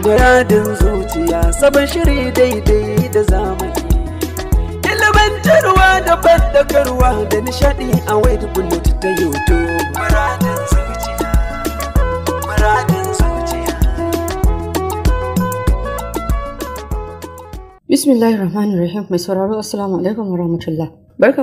Muradin zuciya sabon shiri daidai da zamani. Ilimantarwa da bandakarwa da nishadi a wayar bullet ta YouTube. Muradin zuciya, muradin zuciya. mai sauraro Assalamu alaikum warahmatullah.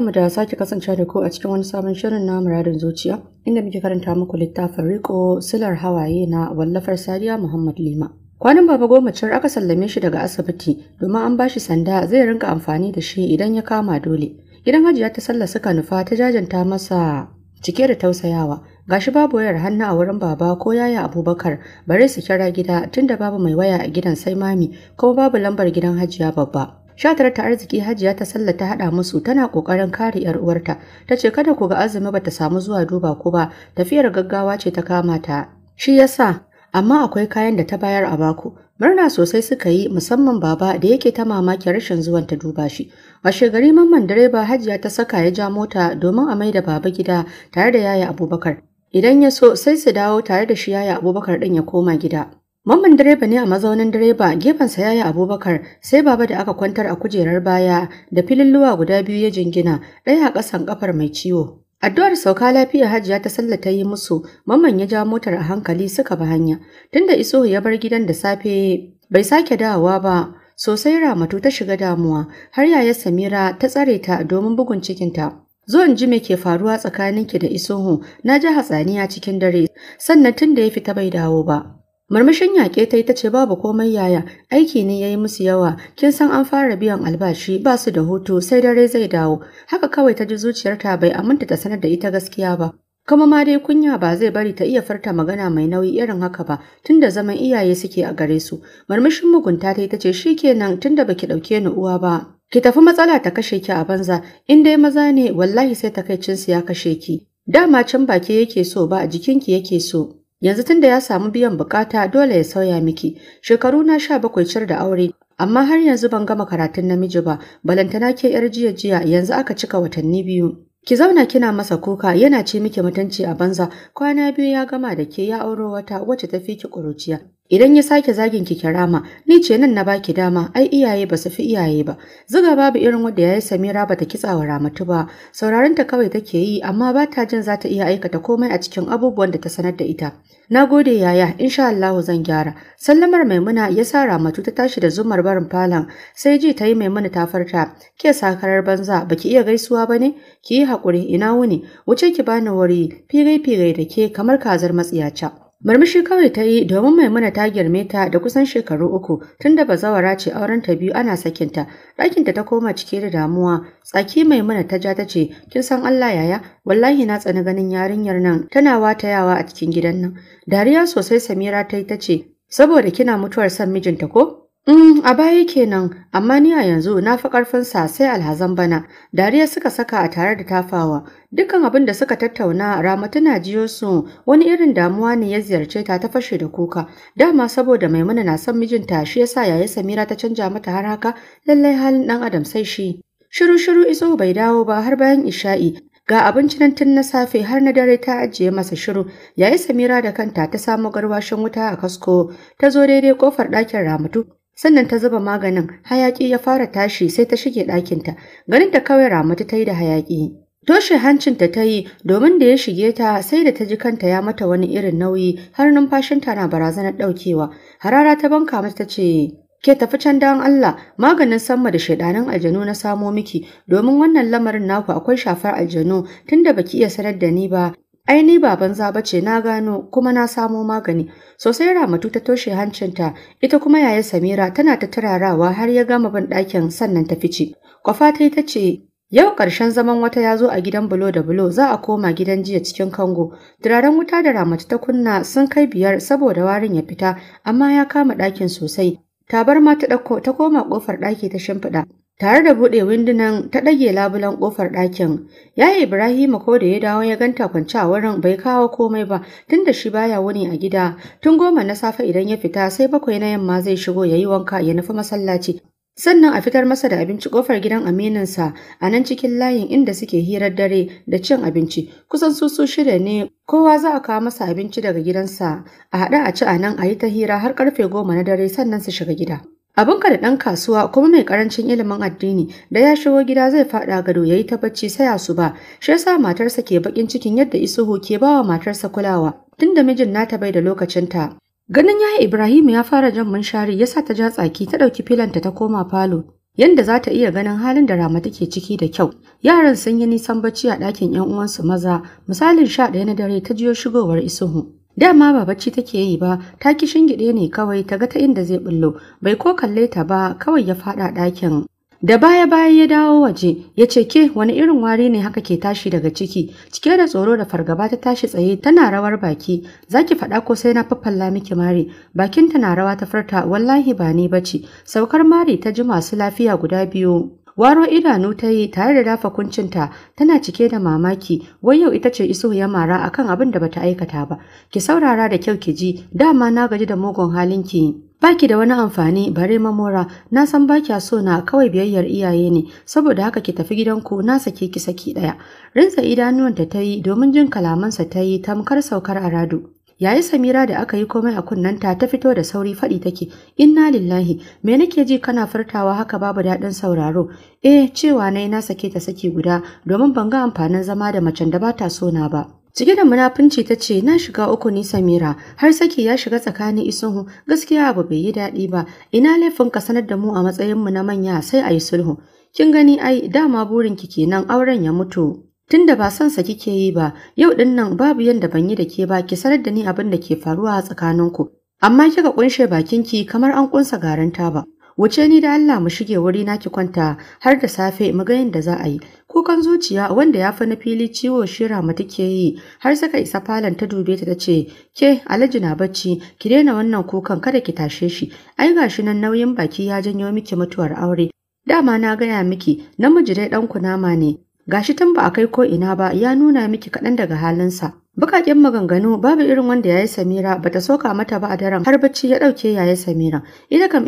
mu da sake kasance da ku a cikin wani sabon shirin na muradin zuciya inda muke karanta muku littafin riko silar hawaye na wallafar Sadiya Muhammad Lima. Kwanan baba goma can aka sallame shi daga asibiti domin an bashi sanda zai rinka amfani da shi idan ya kama dole. Gidan hajiya ta sallah suka nufa ta jajanta masa cike da tausayawa. Gashi babu wayar hannu a wurin baba ko yaya Abubakar bare su kira gida tunda babu mai waya a gidan sai mami kuma babu lambar gidan hajiya babba. Shatar ta arziki Hajiya ta sallah ta hada musu tana kokarin kare yar uwarta. Tace kada ku ga Azumi bata samu zuwa duba ku ba, tafiyar gaggawa ce ta kama ta. Shi yasa amma akwai kayan da ta bayar a baku. Murna sosai suka yi musamman baba da yake ta mamaki rashin zuwan ta duba shi. Washe gari mamman direba Hajiya ta saka ya ja mota domin a mai da baba gida tare da yaya Abubakar. Idan ya so sai su dawo tare da shi yaya Abubakar din ya koma gida. Mamman direba ne a mazaunin direba gefensa yaya Abubakar sai baba da aka kwantar a kujerar baya da filin luwa guda biyu ya jingina ɗaya a ƙasan ƙafar mai ciwo. Addu'ar sauka lafiya Hajiya ta sallata yi musu, mamman ya ja motar a hankali suka bi hanya. Tunda iso ya bar gidan da safe bai sake dawowa ba, sosai Ramatu ta shiga damuwa, har yaya Samira ta tsare ta domin bugun cikinta. Zo in ji me ke faruwa tsakaninki da Isuhu, na ji hatsaniya cikin dare, sannan tunda ya fita bai dawo ba. Murmushin yaƙe ta ita ce babu komai yaya, aiki ne ya yi musu yawa, kin san an fara biyan albashi ba su da hutu sai dare zai dawo, haka kawai ta ji zuciyarta bai aminta ta sanar da ita gaskiya ba. Kuma ma dai kunya ba zai bari ta iya farta magana mai nauyi irin haka ba, tunda zaman iyaye suke a gare su. Murmushin mugunta ta ita ce "Shi kenan tunda baki ɗauke ni uwa ba. Ki tafi matsala ta kashe ki a banza, in dai maza ne wallahi sai takaicinsu ya kashe ki. Dama can baki yake so ba a jikinki yake so. Yanzu tun da ya samu biyan bukata dole ya sauya miki. Shekaru na sha bakwai cir da aure, amma har yanzu ban gama karatun namiji ba, balantana ke yar jiya jiya yanzu aka cika watanni biyu. Ki zauna kina masa kuka yana ce miki mutunci a banza, kwana biyu ya gama da ke ya auro wata wacce ta fi ki ƙuruciya. Idan ya sake zagin ki kirama, ni ce nan na baki dama, ai iyaye ba su fi iyaye ba. Zuga babu irin wanda yayi Samira bata kitsawa Ramatu ba. Sauraron ta kawai take yi amma ba ta jin za ta iya aikata komai a cikin abubuwan da ta sanar da ita. Na gode yaya, insha Allah zan gyara. Sallamar Maimuna ya sa Ramatu ta tashi da zumar barin falon, sai ji ta yi Maimuna ta farta. Ke sakarar banza, baki iya gaisuwa ba ne? Ki yi haƙuri, ina wuni, wuce ki bani wuri, firai-firai da ke kamar kazar matsiyaca. Murmushi kawai ta yi domin Maimuna ta girme ta da kusan shekaru uku tunda bazawara ce auren ta biyu ana sakin ta Ɗakinta ta koma cike da damuwa. Tsaki Maimuna ta ja ta ce, "Kin san Allah yaya, wallahi na tsani ganin yarinyar nan tana watayawa a cikin gidan nan." Dariya sosai Samira ta yi ta ce, "Saboda kina mutuwar son mijinta ko?" Mm, a baya kenan, amma ni a yanzu na fi ƙarfin sa sai alhazan bana. Dariya suka saka a tare da tafawa. Dukkan abin da suka tattauna Ramatu na jiyo su wani irin damuwa ne ya ziyarce ta ta fashe da kuka. Dama saboda Maimuna na son mijinta shi yasa yayi Samira ta canja mata har haka lallai halin ɗan adam sai shi. Shiru-shiru iso bai dawo ba har bayan isha'i ga abinci nan tun na safe har na dare ta ajiye masa shiru yayi samira da kanta ta samo garwashin wuta a kasko ta zo daidai kofar ɗakin ramatu sannan ta zuba maganin hayaƙi ya fara tashi sai ta shige ɗakinta ganin ta kawai ramatu ta yi da hayaƙi toshe hancinta ta yi domin da ya shige ta sai da ta ji kanta ya mata wani irin nauyi har numfashinta na barazanar ɗaukewa harara ta banka mata ta ce ke tafi can dan Allah maganin sama da shaidanan aljanu na samo miki domin wannan lamarin naku akwai shafar aljanu tunda baki iya sanar da ni ba Ai ni ba banza ba ce na gano kuma na samo magani. Sosai Ramatu ta toshe hancinta, ita kuma yaya Samira tana ta tararawa har ya gama ban ɗakin sannan ta fice. Kwafa ta ta ce, Yau ƙarshen zaman wata ya zo a gidan bulo da bulo za a koma gidan jiya cikin Kango. Turaren wuta da Ramatu ta kunna sun kai biyar saboda warin ya fita, amma ya kama ɗakin sosai. Tabar ma ta ɗauko ta koma ƙofar ɗaki ta shimfiɗa. Tare da buɗe windunan ta ɗage labulan ƙofar ɗakin. Yaya Ibrahima ko da ya dawo ya ganta kwance a wurin bai kawo komai ba tunda shi baya wuni a gida. Tun goma na safe idan ya fita sai bakwai na yamma zai shigo ya yi wanka ya nufi masallaci. Sannan a fitar masa da abinci kofar gidan amininsa a nan cikin layin inda suke hirar dare da cin abinci. Kusan su su shida ne kowa za a kawo masa abinci daga gidansa a haɗa a ci a nan a yi ta hira har karfe goma na dare sannan su shiga gida. abinka da ɗan kasuwa kuma mai ƙarancin ilimin addini da ya shigo gida zai faɗa gado ya yi ta bacci saya su ba shi yasa matarsa ke bakin cikin yadda isuhu ke bawa matarsa kulawa tunda mijin nata bai da lokacin ta. ganin yaya ibrahim ya fara jan munshari yasa ta ja tsaki ta ɗauki filanta ta koma falo yanda za ta iya ganin halin da Rama take ciki da kyau. Yaran sun yi nisan bacci a ɗakin 'yan uwansu maza, misalin sha ɗaya na dare ta jiyo shigowar Isuhu. Dama ba bacci take yi ba, ta ki shingiɗe ne kawai ta ga ta inda zai bullo, bai ko kalle ta ba kawai ya faɗa ɗakin. Da baya-baya ya dawo waje, ya ce ke wani irin wari ne haka ke tashi daga ciki, cike da tsoro da fargaba ta tashi tsaye tana rawar baki, zaki ki faɗa ko sai na fafalla miki mari, bakin ta na rawa ta farta wallahi ba ni bace, saukar mari ta ji masu lafiya guda biyu. waro idanu ta yi tare da dafa kuncinta tana cike da mamaki wai yau ita ce iso ya mara akan abin da bata aikata ba ki saurara da kyau ki ji dama na gaji da mugun halin ki Baki da wani amfani bare mamora na san baki so na kawai biyayyar iyaye ne saboda haka ki tafi gidanku na sake ki saki daya rinsa idanuwan ta yi domin jin kalamansa ta yi tamkar saukar aradu yayi samira da aka yi komai a kunnanta ta fito da sauri faɗi take inna lillahi me nake ji kana furtawa haka babu daɗin sauraro eh cewa na na sake ta saki guda domin ban ga amfanin zama da macen da bata so na ba cike da munafunci ta ce na shiga uku ni samira har saki ya shiga tsakanin isuhu gaskiya abu bai yi daɗi ba ina laifin ka sanar da mu a matsayin mu na manya sai ayi sulhu kin gani ai dama burinki kenan auren ya mutu Tunda ba son sa kike yi ba, yau din nan babu yanda ban yi da ke ba ki sanar da ni abin da ke faruwa a tsakaninku. Amma kika kunshe ki, kamar an kunsa garin ba. Wuce ni da Allah mu shige wuri na ki kwanta har da safe mu ga yanda za a yi. Kukan zuciya wanda ya fi na fili ciwo shira mu take yi har saka isa falon ta dube ta tace ke Alhaji na bacci ki daina wannan kukan kada ki tashe shi. Ai gashi nan nauyin baki ya janyo miki mutuwar aure. Dama na gaya miki namiji dai dan kunama ne gashi tun ba a kai ko ina ba ya nuna miki kaɗan daga halinsa. Bukakin maganganu babu irin wanda yayi Samira bata soka mata ba a daren har bacci ya dauke yayi Samira. Ita kam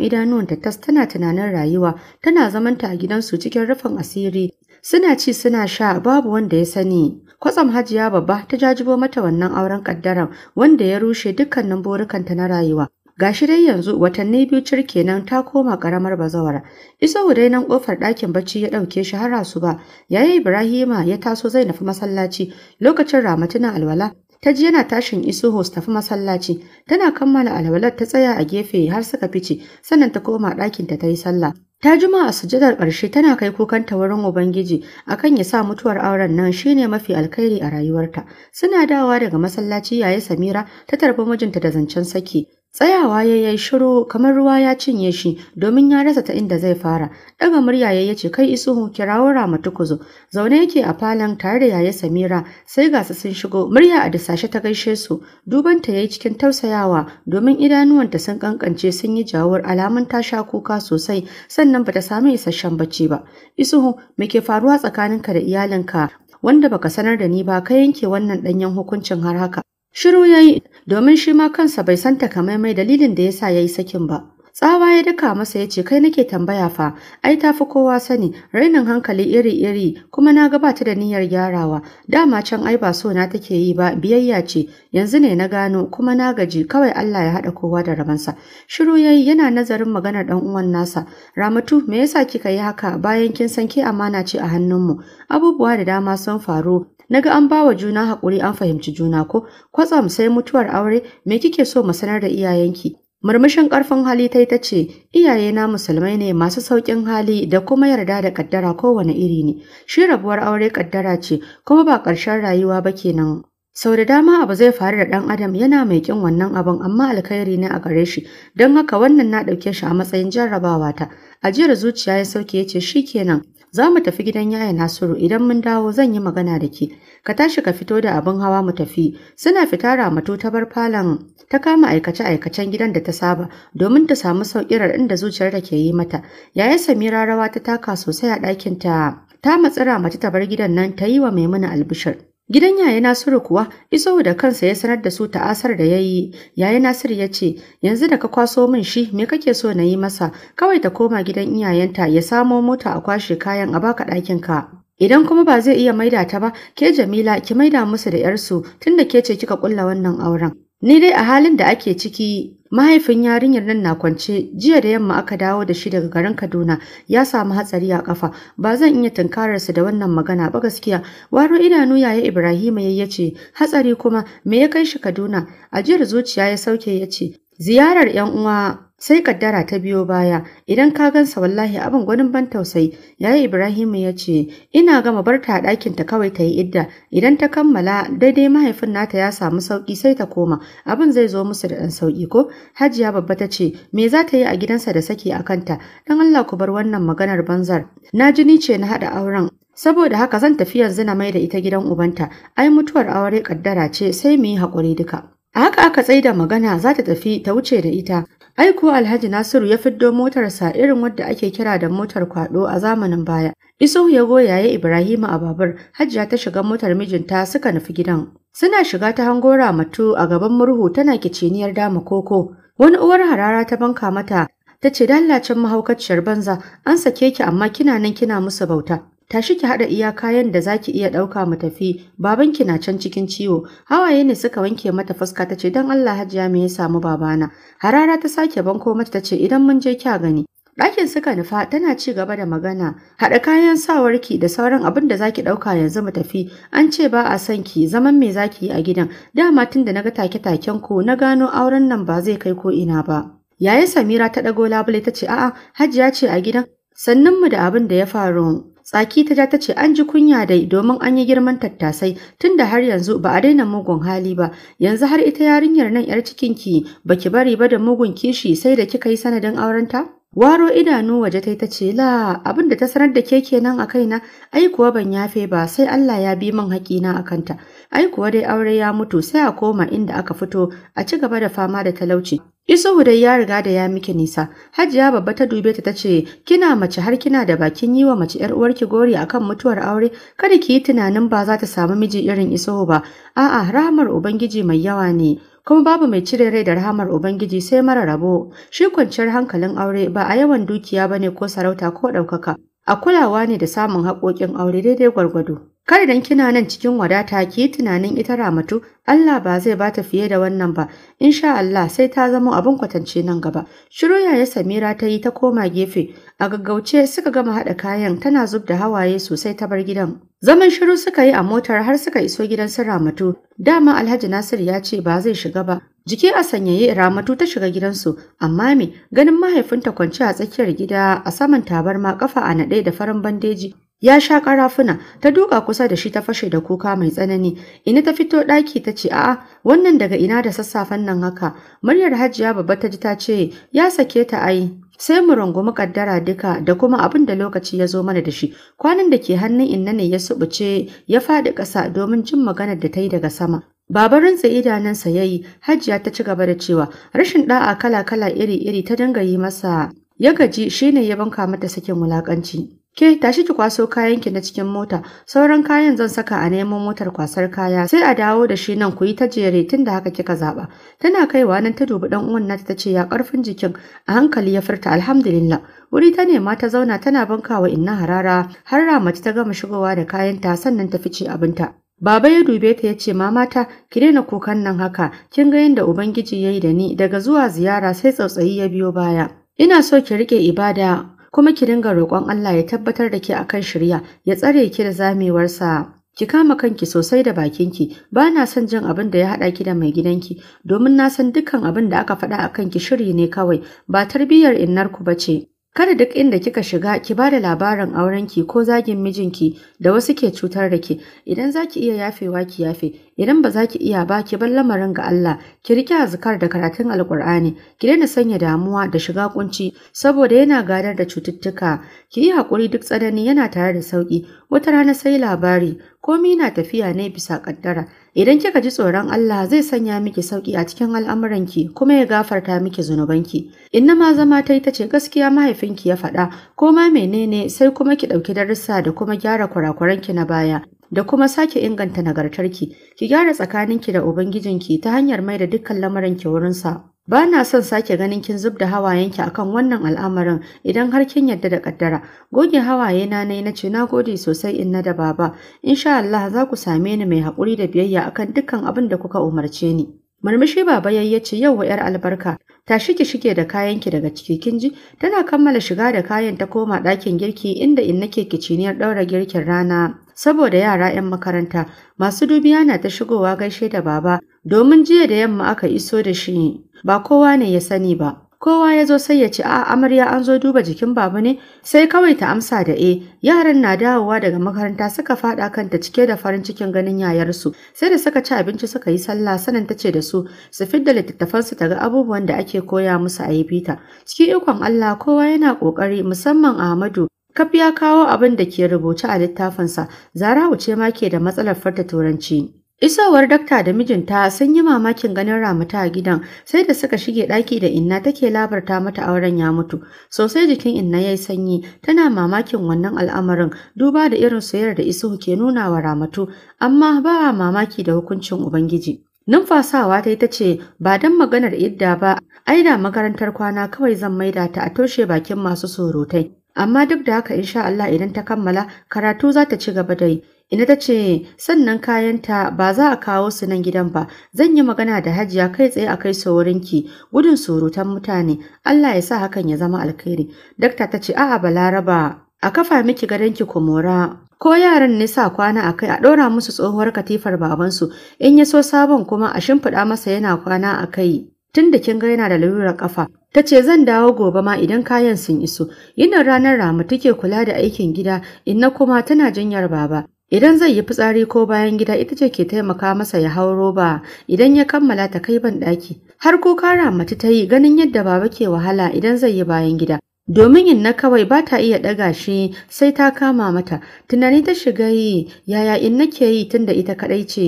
ta tas tana tunanin rayuwa, tana zamanta a gidansu cikin rufin asiri. Suna ci suna sha babu wanda ya sani. Kwatsam Hajiya babba ta jajibo mata wannan auren kaddaran wanda ya rushe dukkanin burikanta na rayuwa. Ga shi dai yanzu watanni biyu cir kenan ta koma karamar bazawara Isa dai nan kofar ɗakin bacci ya ɗauke shi har ba. yayin ibrahima ya taso zai nafi masallaci lokacin ramatuna alwala ta ji yana tashin isu tafi masallaci tana kammala alwalar ta tsaya a gefe har suka fice sannan ta koma ɗakinta ta yi sallah Ta jima a sujadar ƙarshe tana kai kukanta wurin Ubangiji akan ya sa mutuwar auren nan shine mafi alkhairi a rayuwarta. Suna dawa daga masallaci yayi Samira ta tarbi mijinta da zancen saki. Tsayawa ya yi shiru kamar ruwa ya cinye shi domin ya rasa ta inda zai fara. Daga murya ya ce kai isuhu kirawo Rama tukuzo. Zaune yake a falon tare da yaya Samira sai ga su sun shigo. Murya a dasashe ta gaishe su. Duban ta yayi cikin tausayawa domin idanuwanta sun kankance sun yi jawar alamun ta sha kuka sosai sannan bata samu isasshen bacci ba. Isuhu me ke faruwa tsakaninka da iyalinka wanda baka sanar da ni ba ka yanke wannan danyen hukuncin har haka. Shiru ya yi domin shi ma kansa bai san takamaimai dalilin da ya sa ya yi sakin ba. Tsawa ya daka masa ya ce kai nake tambaya fa, ai ta fi kowa sani, rainin hankali iri-iri kuma na gabata da niyyar gyarawa, dama can ai ba so na take yi ba biyayya ce, yanzu ne na gano kuma na gaji kawai Allah ya haɗa kowa da rabansa. Shiru ya yi yana nazarin maganar ɗan uwan nasa, Ramatu me yasa kika yi haka bayan kin san ke amana ce a hannunmu, abubuwa da dama sun faru naga an bawa juna haƙuri an fahimci juna ko kwatsam sai mutuwar aure me kike so mu sanar da iyayenki Murmushin ƙarfin hali ta ita ce, Iyaye na musulmai ne masu sauƙin hali da kuma yarda da ƙaddara kowane iri ne, shi rabuwar aure ƙaddara ce kuma ba ƙarshen rayuwa ba kenan. Sau da dama abu zai faru da ɗan adam yana mai ƙin wannan abin amma alkhairi ne a gare shi, don haka wannan na ɗauke shi a matsayin jarrabawa ta. Ajiyar zuciya ya sauke ya ce shi kenan, Za mu tafi gidan yaya Nasiru idan mun dawo zan yi magana da ke. Ka tashi ka fito da abin hawa mu tafi. Suna fita ramatu ta bar falon ta kama aikace-aikacen gidan da ta saba domin ta samu sauƙirar inda zuciyar da ke yi mata. Yaya Samira rawa ta taka sosai a ɗakin ta. Ta matsira mace ta bar gidan nan ta yi wa Maimuna albishir. Gidan yaya Nasiru kuwa iso da kansa ya sanar da su ta'asar da yayi Yaya Nasiru ya ce, "Yanzu da ka kwaso min shi, me kake so na yi masa? Kawai ta koma gidan iyayenta ya samo mota a kwashe kayan a baka ɗakin ka." Idan kuma ba zai iya maida ta ba, ke Jamila ki maida musu da 'yarsu tunda ke ce kika kulla wannan auren. Ni dai a halin da ake ciki Mahaifin yarinyar nan na kwance jiya da yamma aka dawo da shi daga garin Kaduna ya samu hatsari a kafa ba zan iya tunkararsa da wannan magana ba gaskiya waro idanu yaya Ibrahima ya ce hatsari kuma me ya kai shi Kaduna ajiyar zuciya ya sauke ya ce ziyarar yan uwa sai kaddara ta biyo baya idan ka gansa wallahi abin gwanin ban tausayi yayi Ibrahimu ya ce ina gama barta a ɗakin ta kawai ta yi idda idan ta kammala daidai mahaifin nata ya samu sauki sai ta koma abin zai zo musu da ɗan sauki ko Hajiya babba ta ce me za ta yi a gidansa da saki a kanta dan Allah ku bar wannan maganar banzar na ji ni ce na haɗa auren saboda haka zan tafi yanzu na mai da ita gidan ubanta ai mutuwar aure kaddara ce sai mu yi haƙuri duka A haka aka tsaida magana za ta tafi ta wuce da ita Aiko Alhaji Nasiru ya fiddo motarsa irin wadda ake kira da motar kwado a zamanin baya. Isau ya goyaye Ibrahima a babur, Hajiya ta shiga motar mijinta suka nufi gidan. Suna shiga ta hangora matu a gaban murhu tana kiciniyar dama koko. Wani uwar harara ta banka mata ta ce dallacin mahaukaciyar banza an sake ki amma kina nan kina musu bauta. tashi ki haɗa iya kayan da zaki iya ɗauka mu tafi babanki na can cikin ciwo hawaye ne suka wanke mata fuska tace dan Allah hajiya me ya samu babana harara ta sake banko mata tace idan mun je kya gani ɗakin suka nufa tana ci gaba da magana haɗa kayan sawarki da sauran abin da zaki ɗauka yanzu mu tafi an ce ba a son ki zaman me zaki yi a gidan dama tun da naga take-taken ku na gano auren nan ba zai kai ko ina ba yayin samira ta ɗago labule ta ce a'a hajiya ce a gidan sannan mu da abin da ya faru Tsaki ta ja ta ce an ji kunya dai domin an yi girman tattasai tun da har yanzu ba a daina mugun hali ba. Yanzu har ita yarinyar nan yar cikinki baki bari ba da mugun kishi sai da kika yi sanadin aurenta? Waro idanu waje tai ta ce la abin da ta sanar da ke kenan a kaina ai kuwa ban yafe ba sai Allah ya bi min haƙina a kanta. Ai kuwa dai aure ya mutu sai a koma inda aka fito a ci gaba da fama da talauci. Isuhu dai ya riga da ya miki nisa. Hajiya babba ta dube ta tace kina mace har kina da bakin yi wa mace yar uwarki gori akan mutuwar aure kada ki yi tunanin ba za ta samu miji irin Isuhu ba. A'a rahamar ubangiji mai yawa ne. kuma babu mai cire rai da rahamar Ubangiji sai mara rabo. Shi kwanciyar hankalin aure ba a yawan dukiya ba ne ko sarauta ko ɗaukaka, a kulawa ne da samun haƙoƙin aure daidai gwargwado. Kar idan kina nan cikin wadata ki tunanin ita Ramatu Allah ba zai bata fiye da wannan ba insha Allah sai ta zama abin kwatance nan gaba shiru yaya Samira ta yi ta koma gefe a gaggauce suka gama hada kayan tana zub da hawaye sosai ta bar gidan zaman shiru suka yi a motar har suka iso gidan su Ramatu dama Alhaji Nasir ya ce ba zai shiga ba jiki a sanyaye Ramatu ta shiga gidansu amma me ganin mahaifinta kwanci a tsakiyar gida a saman tabarma kafa a naɗe da farin bandeji ya sha karafuna ta duka kusa da shi ta fashe da kuka mai tsanani ina ta fito daki ta ce a'a wannan daga ina da sassafen nan haka muryar hajiya babba ta ji ta ce ya sake ta ai sai mu rungumi kaddara duka da kuma abin da lokaci ya zo mana da shi kwanan da ke hannun inna ne ya subuce ya faɗi ƙasa domin jin maganar da ta yi daga sama Baban rantsa idanunsa ya yi, Hajiya ta ci gaba da cewa rashin ɗa'a kala-kala iri-iri ta dinga yi masa ya gaji shine ya banka mata sakin wulaƙanci. Ke tashi ki kwaso kayanki na cikin mota, sauran kayan zan saka a neman motar kwasar kaya sai a dawo da shi nan ku yi ta jere tun da haka kika zaɓa. Tana kaiwa nan ta dubi ɗan uwan nata ta ce ya karfin jikin a hankali ya furta alhamdulillah. Wuri ta nema ta zauna tana bankawa inna harara har Ramatu ta gama shigowa da kayan ta sannan ta fice abinta. Baba ya dube ta ya ce mamata ki daina kokan nan haka kin ga yadda ubangiji yayi da ni daga zuwa ziyara sai tsautsayi ya biyo baya. Ina so ki rike ibada kuma ki dinga roƙon Allah ya tabbatar da ke akan shirya ya tsare ki da zamewarsa ki kama kanki sosai da bakinki ba na son jin abin da ya haɗa ki da mai gidanki domin na san dukkan abin da aka faɗa a kanki shiri ne kawai ba tarbiyyar innarku ba ce kada duk inda kika shiga ki ba da labarin aurenki ko zagin mijinki da wasu ke cutar da ke idan za ki iya yafewa ki yafe idan ba za ki iya ba ki bar lamarin ga Allah ki riƙe azkar da karatun alkur'ani ki daina sanya damuwa da shiga kunci saboda yana gadar da cututtuka ki yi hakuri duk tsanani yana tare da sauki wata rana sai labari komai na tafiya ne bisa kaddara idan kika ji tsoron Allah zai sanya miki sauki a cikin al'amuranki kuma ya gafarta miki zunubanki inna ma zama ta ita ce gaskiya mahaifinki ya faɗa ko ma menene sai kuma ki ɗauki darussa da kuma gyara kurakuranki na baya da kuma sake inganta nagartarki ki gyara tsakaninki da ubangijinki ta hanyar mai da dukkan lamarinki wurinsa ba na son sake ganin kin zub da hawayenki akan wannan al'amarin idan har kin yadda da kaddara goge hawaye na nai na ce na gode sosai inna da baba insha Allah za ku same ni mai haƙuri da biyayya akan dukkan abin da kuka umarce ni Murmushi baba yayi ce yau wa yar albarka tashi ki shige da kayanki daga ciki kin ji tana kammala shiga da kayan ta koma ɗakin girki inda in nake kiciniyar ɗaura girkin rana saboda yara 'yan makaranta masu dubiya na ta shigowa gaishe da baba domin jiya da yamma aka iso da shi ba kowa ne ya sani ba kowa ya zo sai ya ce a amarya an zo duba jikin babu ne sai kawai ta amsa da e yaran na dawowa daga makaranta suka fada kanta cike da farin cikin ganin yayarsu sai da suka ci abinci suka yi sallah sanan ta ce da su su fidda littattafan su daga abubuwan da ake koya musu a yi bita cikin ikon Allah kowa yana kokari musamman Ahmadu Kaf ya kawo abin da ke rubuce a littafinsa, Zarawu ce ma ke da matsalar farta turanci. Isowar dakta da mijinta sun yi mamakin ganin Ramata a gidan, sai da suka shige ɗaki da Inna take labarta mata auren ya mutu. Sosai jikin Inna ya yi sanyi, tana mamakin wannan al'amarin, duba da irin soyayyar da Isuhu ke nuna wa Ramatu, amma ba a mamaki da hukuncin Ubangiji. Numfasawa ta yi ta ce, ba don maganar idda ba, ai da makarantar kwana kawai zan maida ta a toshe bakin masu surutai. amma duk da haka insha Allah idan ta kammala karatu za ta ci gaba da yi ina ta ce sannan kayanta ba za a kawo su nan gidan ba zan yi magana da hajiya kai tsaye a kai saurinki gudun surutan mutane Allah ya sa hakan ya zama alkhairi dakta ta ce a'a balaraba a kafa miki ku mora. ko yaran ne sa kwana akai a ɗora musu tsohuwar katifar babansu in ya so sabon kuma a shimfiɗa masa yana kwana akai kai tun da kin ga yana da lalurar ƙafa. ta ce zan dawo gobe ma idan kayan sun iso yinin ranar ramu take kula da aikin gida inna kuma tana jinyar baba idan zai yi fitsari ko bayan gida ita ce ke taimaka masa ya hau roba idan ya kammala ta kai ban daki har ko kara mace ta yi ganin yadda baba ke wahala idan zai yi bayan gida domin in na kawai ba ta iya ɗaga shi sai ta kama mata tunani ta shiga yi yaya in nake yi tunda ita kaɗai ce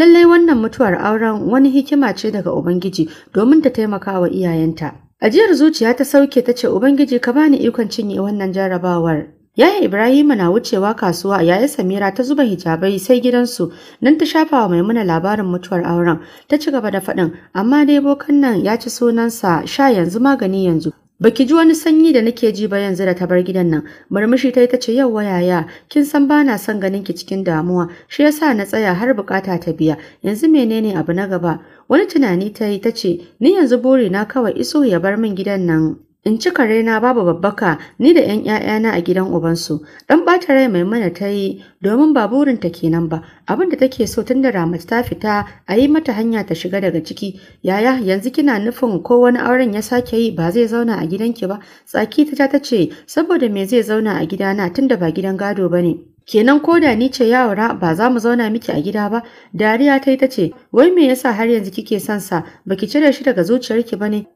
Lallai wannan mutuwar auren wani hikima ce daga Ubangiji domin ta taimaka wa iyayenta. Ajiyar zuciya ta sauke ta ce Ubangiji ka bani ikon cinye wannan jarabawar. Yaya Ibrahima na wucewa kasuwa yayi Samira ta zuba hijabai sai gidansu nan ta shafa wa Maimuna labarin mutuwar auren ta ci gaba da faɗin amma dai bokan nan ya ci sunansa sha yanzu magani yanzu Baki ji wani sanyi da nake ji ba yanzu da ta bar gidan nan. Murmushi ta yi ta ce yau wayaya. kin san ba na son ganin ki cikin damuwa, shi yasa na tsaya har bukata ta biya. Yanzu menene abu na gaba? Wani tunani ta yi ta ce, ni yanzu buri na kawai iso ya bar min gidan nan. in cika raina babu babbaka ni da 'yan 'ya'yana a gidan ubansu dan ɓata rai mai mana ta yi domin ba burinta kenan ba abin da take so tun da ramat ta fita a yi mata hanya ta shiga daga ciki yaya yanzu kina nufin ko wani auren ya sake yi ba zai zauna a gidanki ba tsaki ta ta ce saboda me zai zauna a gidana tunda ba gidan gado ba ne kenan ko da ni ce yawara ba za mu zauna miki a gida ba dariya ta yi ta ce wai me yasa har yanzu kike son sa baki cire shi daga zuciyarki bane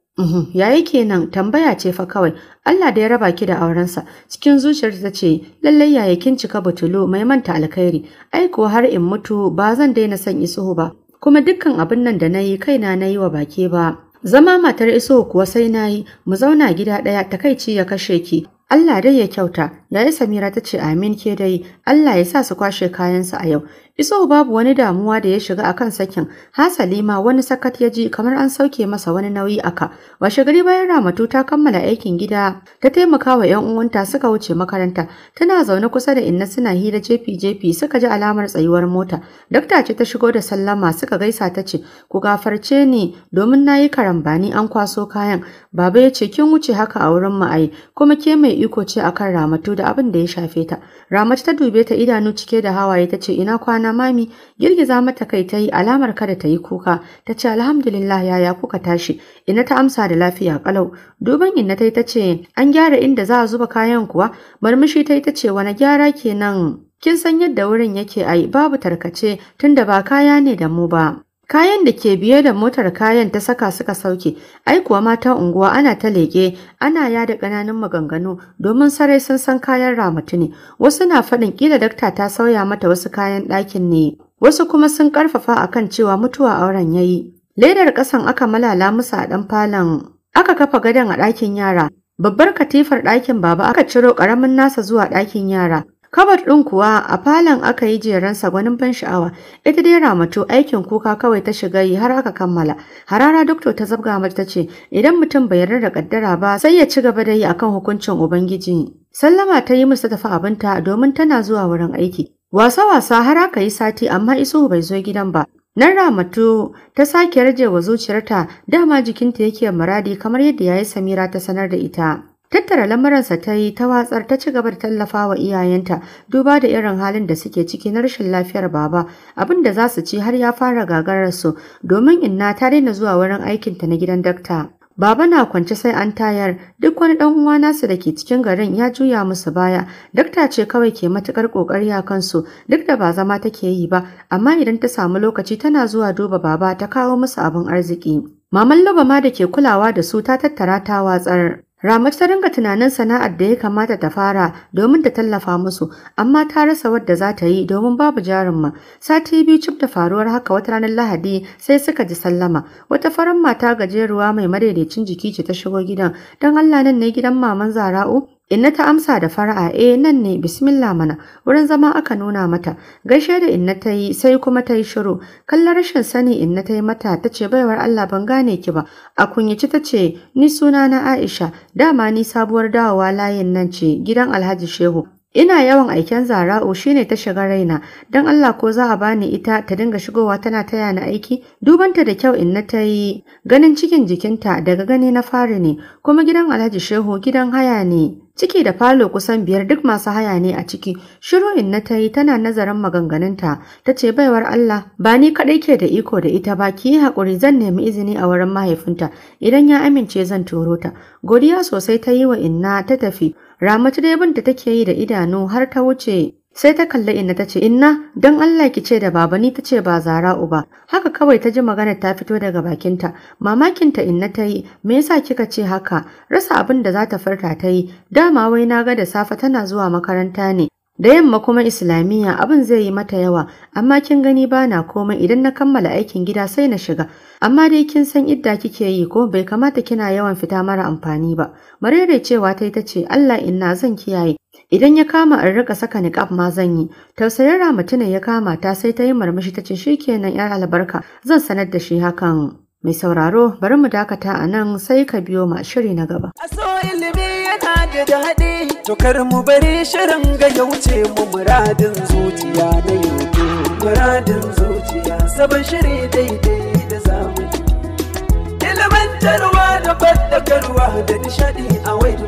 yayi kenan tambaya ce fa kawai Allah da ya raba ki da aurensa cikin zuciyar ta ce lallai yaya kin cika butulu mai manta alkhairi ai ko har in mutu ba zan daina son isuhu ba kuma dukkan abin nan da nayi kaina nayi wa baki ba zama matar isuhu kuwa sai nayi mu zauna gida daya takaici ya kashe ki Allah dai ya kyauta, yayi Samira ta ce amin ke dai, Allah ya sa su kwashe kayansa a yau, Iso babu wani damuwa da ya shiga akan sakin, hasali ma wani sakat ya ji kamar an sauke masa wani nauyi aka. Washe gari bayan Ramatu ta kammala aikin gida, ta taimaka wa ‘yan uwanta suka wuce makaranta, tana zaune kusa da inna suna hira jefi-jefi suka ji alamar tsayuwar mota. Dakta ce ta shigo da sallama suka gaisa ta ce, ku gafarce ni domin na yi karambani an kwaso kayan. Baba ya ce kin wuce haka a wurin mu kuma ke mai iko ce akan Ramatu da abin da ya shafe ta. Ramatu ta dube ta idanu cike da hawaye ta ce ina kwana na mami girgiza mata kai ta yi alamar kada ta yi kuka ta ce alhamdulillah yaya kuka tashi ina ta amsa da lafiya kalau duban inna ta yi ta ce an gyara inda za a zuba kayan kuwa marmishi ta yi ta ce wani gyara kenan kin san yadda wurin yake ai babu tarkace tunda ba kaya ne da mu ba Kayan da ke biye da motar kayan ta saka suka sauke, ai kuwa mata unguwa ana ta leƙe, ana yada ƙananan maganganu domin sarai sun san kayan ramatu ne. Wasu na faɗin ƙila dakta ta sauya mata wasu kayan ɗakin ne, wasu kuma sun ƙarfafa akan cewa mutuwa auren yayi. Ledar ƙasan aka malala musu a ɗan falon, aka kafa gadon a ɗakin yara. Babbar katifar ɗakin baba aka ciro ƙaramin nasa zuwa ɗakin yara. Kabar ɗin kuwa a falon aka yi jeransa gwanin ban sha'awa, ita dai ramatu aikin kuka kawai ta shiga yi har aka kammala. Harara doktor ta zabga mata ta ce, idan mutum bai yarda da kaddara ba sai ya ci gaba da yi akan hukuncin Ubangiji. Sallama ta yi musu tafi abinta domin tana zuwa wurin aiki. Wasa-wasa har aka yi sati amma Isuhu bai zo gidan ba. Nan Ramatu ta sake rajewa zuciyarta dama jikinta yake muradi kamar yadda yayi Samira ta sanar da ita. Tattara lamuransa ta yi ta watsar ta ci gaba da tallafa wa iyayenta duba da irin halin da suke ciki na rashin lafiyar baba abin da za su ci har ya fara gagararsu, domin inna ta daina zuwa wurin aikinta na gidan dakta. Baba na kwance sai an tayar duk wani ɗan uwa nasu da ke cikin garin ya juya musu baya dakta ce kawai ke matukar kokari a kansu duk da ba zama take yi ba amma idan ta samu lokaci tana zuwa duba baba ta kawo musu abin arziki. Maman Lubama ma da ke kulawa da su ta tattara ta watsar Ramatu ta ringa tunanin sana'ar da ya kamata ta fara domin ta tallafa musu, amma ta rasa wadda za ta yi domin babu jarin ma. Sati biyu cif da faruwar haka wata ranar Lahadi sai suka ji sallama. Wata farar mata gajeruwa mai madaidaicin jiki ce ta shigo gidan, don Allah nan ne gidan maman Zara'u? Inna ta amsa da fara'a eh nan ne bismillah mana wurin zama aka nuna mata gaishe da inna ta yi sai kuma ta yi shiru kallon rashin sani inna ta yi mata ta ce baiwar Allah ban gane ki ba a kunyaci ta ce ni suna na Aisha dama ni sabuwar dawowa layin nan ce gidan Alhaji Shehu Ina yawan aiken zara'u shine ta shiga raina, dan Allah ko za a bani ita ta dinga shigowa tana taya ni aiki, dubanta da kyau inna na ta yi ganin cikin jikinta daga gani na fari ne, kuma gidan Alhaji Shehu gidan haya ne. Ciki da falo kusan biyar duk masu haya ne a ciki. Shiru inna na ta yi tana nazarin maganganunta. Ta ce baiwar Allah ba ni kaɗai ke da iko da ita ba ki yi haƙuri zan nemi izini a wurin mahaifinta idan ya amince zan turo ta. Godiya sosai ta yi wa inna ta tafi. Ramatu dai binta take yi da idanu har ta wuce sai ta kalli inna ta ce inna don Allah ki ce da baba ni ta ce ba zara uba. haka kawai ta ji maganar ta fito daga bakinta mamakinta inna ta yi me yasa kika ce haka rasa abin da za ta farta ta yi dama wai na ga da safe tana zuwa makaranta ne da yamma kuma islamiyya abin zai yi mata yawa amma kin gani ba na komai idan na kammala aikin gida sai na shiga amma dai kin san idda kike yi ko bai kamata kina yawan fita mara amfani ba marere cewa ta yi ta ce Allah inna zan kiyaye idan ya kama in rika saka niqab ma zan yi tausayin ramatuna ya kama ta sai ta yi murmushi ta ce shikenan yar albarka zan sanar da shi hakan mai sauraro bari mu dakata a nan sai ka biyo ma shiri na gaba a so ilimi yana da daɗi to kar mu bari shirin ga ya wuce mu muradin zuciya na yau muradin zuciya sabon shiri daidai da zamani ilimantarwa da fadakarwa da nishaɗi a wai da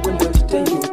ta yi